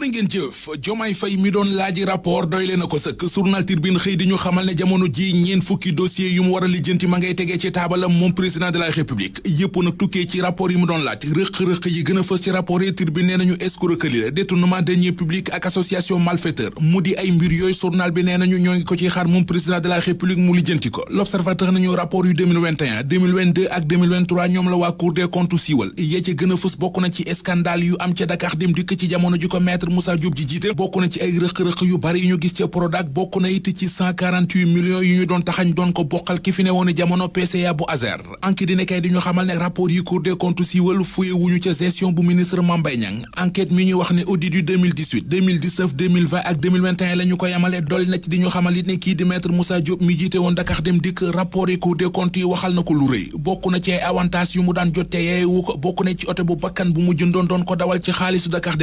jërë ngeen jëf Jomaay de la république ak association malfaiteur mu di ay mbir yooyu journal bi nee nañu ñoo ngi ko ci xaar moom président de la république mu lijjanti ko L'Observateur nañu rapport yu ak ñoom la waa Cour des comptes siiwal yee ci gën fës bokk na ci scandale yu am ca Dakar dem dikk ci jamono ji ko docteur Moussa Diop ji jiite bokk na ci ay rëq-rëq yu bari yu ñu gis ci Prodac bokk na it ci 148 millions yu ñu doon taxañ doon ko bokkal ki fi ne woon jamono PCA bu ASER enquête dina kay di ñu xamal ne rapport yi Cour des comptes siiwal fuye wuñu ca gestion bu ministre Mame Mbaye Niang mi ñuy wax ne audit yu ak 2021 ko yamale dool na di ñu xamal ne kii di maître Moussa Diop mi jiite woon Dakar dem dikk rapport yi Cour des comptes yi waxal na ko lu rëy bokk na mu daan jotte doon ko dawal ci xaalisu Dakar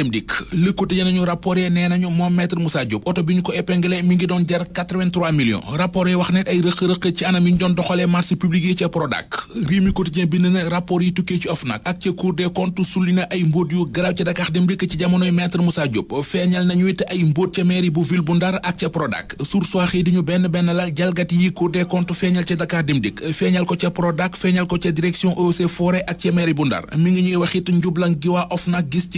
tijjee nañu rapport yi nee nañu moom maître Moussa Diop oto bi ñu ko épinglé mi ngi doon jar 83 millions rapport yi wax ne ay rëq-rëq ci anam yi ñu doon doxalee marché public yi ca Prodac Rewmi Quotidien bind rapport yi tukkee ci OFNAC ak ca Cour des comptes sulli na ay mbóot yu garaaw ca Dakar dem ci jamonoy maître Moussa Diop feeñal nañu it ay mbóot ca mairie bu ville bu Ndar ak ca Prodac sursoixi di ñu benn benn la jalgati yi Cour des comptes feeñal ca Dakar ko ca Prodac feeñal ko ca direction Eaux et Forêts bu Ndar mi ngi ñuy wax it njublan gi waa OFNAC gis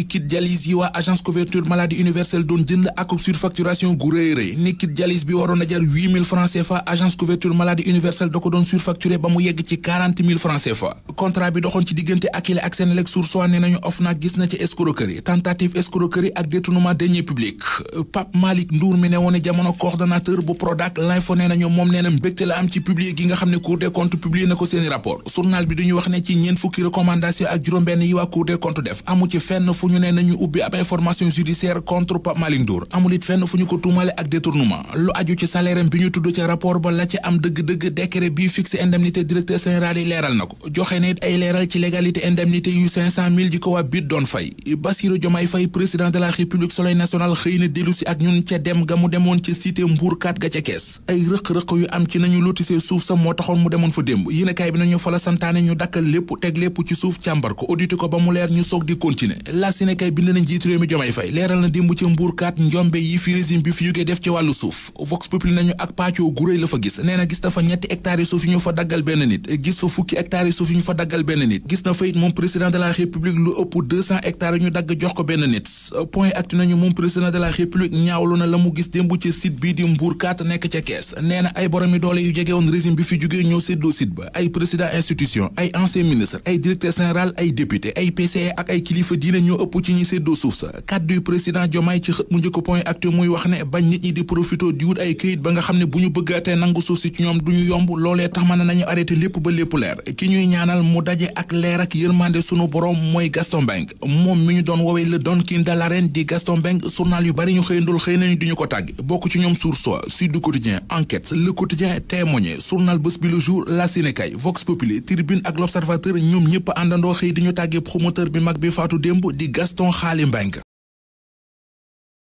maladie universelle doon jënd ak surfacturation gu rëy rëy ni kit bi waroon a jar 8000 francs CFA agence couverture maladie universelle da ko doon surfacturé ba mu yegg ci 40 000 francs CFA contrat bi doxoon ci diggante Akilee ak Senelec Source A ne nañu OFNAC gis na ci escroquerie tentative escroquerie ak détournement deniers publics Pape Malick Ndour mi ne woon jamono coordonnateur bu Prodac l'info ne nañu moom ne na mbégte la am ci publier gi nga xam ne Cour des comptes publier na ko seeni rapport journal bi duñu wax ne ci ñeent fukki recommandation ak juróom-benn yi waa Cour des comptes def amu ci fenn fu ñu ne nañu ubbi ab information judiciaire contre Pape Malick Ndour amul it fenn fu ñu ko tuumale ak détournement lu aju ci salaire bi ñu tudd ca rapport ba la ci am dëgg-dëgg décret bi fixe indemnité directeur général yi leeral na ko joxe it nañu lotisee suuf sa moo taxoon mu demoon fa démb yéen bi nañu fa la santaane ñu dakkal lépp teg lépp ci suuf càmbar ko ko ba mu leer ñu soog di continuer la si bind nañ jiit réew mi leeral na démb ca mbuurkat njombe yi fi régime bi fi yugee def ci wàllu suuf vox populi nañu ak pàccoo gu réy la fa gis nee na gis dafa ñetti hectares suuf yu ñu fa daggal benn nit gis fa fukki hectares suuf yu ñu fa daggal benn nit gis na fa moom président de la république lu ëpp deux yu ñu dagg jox ko benn nit point actu nañu moom président de la république ñaawlu na la mu gis démb ci site bii di Mbour 4 nekk ca kees nee na ay boromi doole yu jege woon régime bi fi jógee ñoo séddoo site ba ay président institution ay ancien ministre ay directeur général ay député ay PCA e ak ay kilifa diine ñoo ëpp ci ñi séddoo suuf sa kàdduy président Diomaye ci xët mu ne bu ñu bëggaatee nangu suuf si ci ñoom du ñu yomb loolee tax mën nañu arrêté lépp mu daje ak leer ak yërmande sunu borom mooy Gaston Mbengue moom mi ñu doon woowee le Don King de l'arène di Gaston Mbengue journal yu bari ñu xëyandul xëy nañu di ñu ko tàgg bokk ci ñoom Source A Sud Quotidien Enquête Le Quotidien Témoin journal Bës Bi Le Jour La Sénékay Vox Populi Tribune ak L'Observateur ñoom ñëpp àndandoo xëy di ñu tàggee promoteur bi mag bi faatu démb di Gaston Xaali Mbengue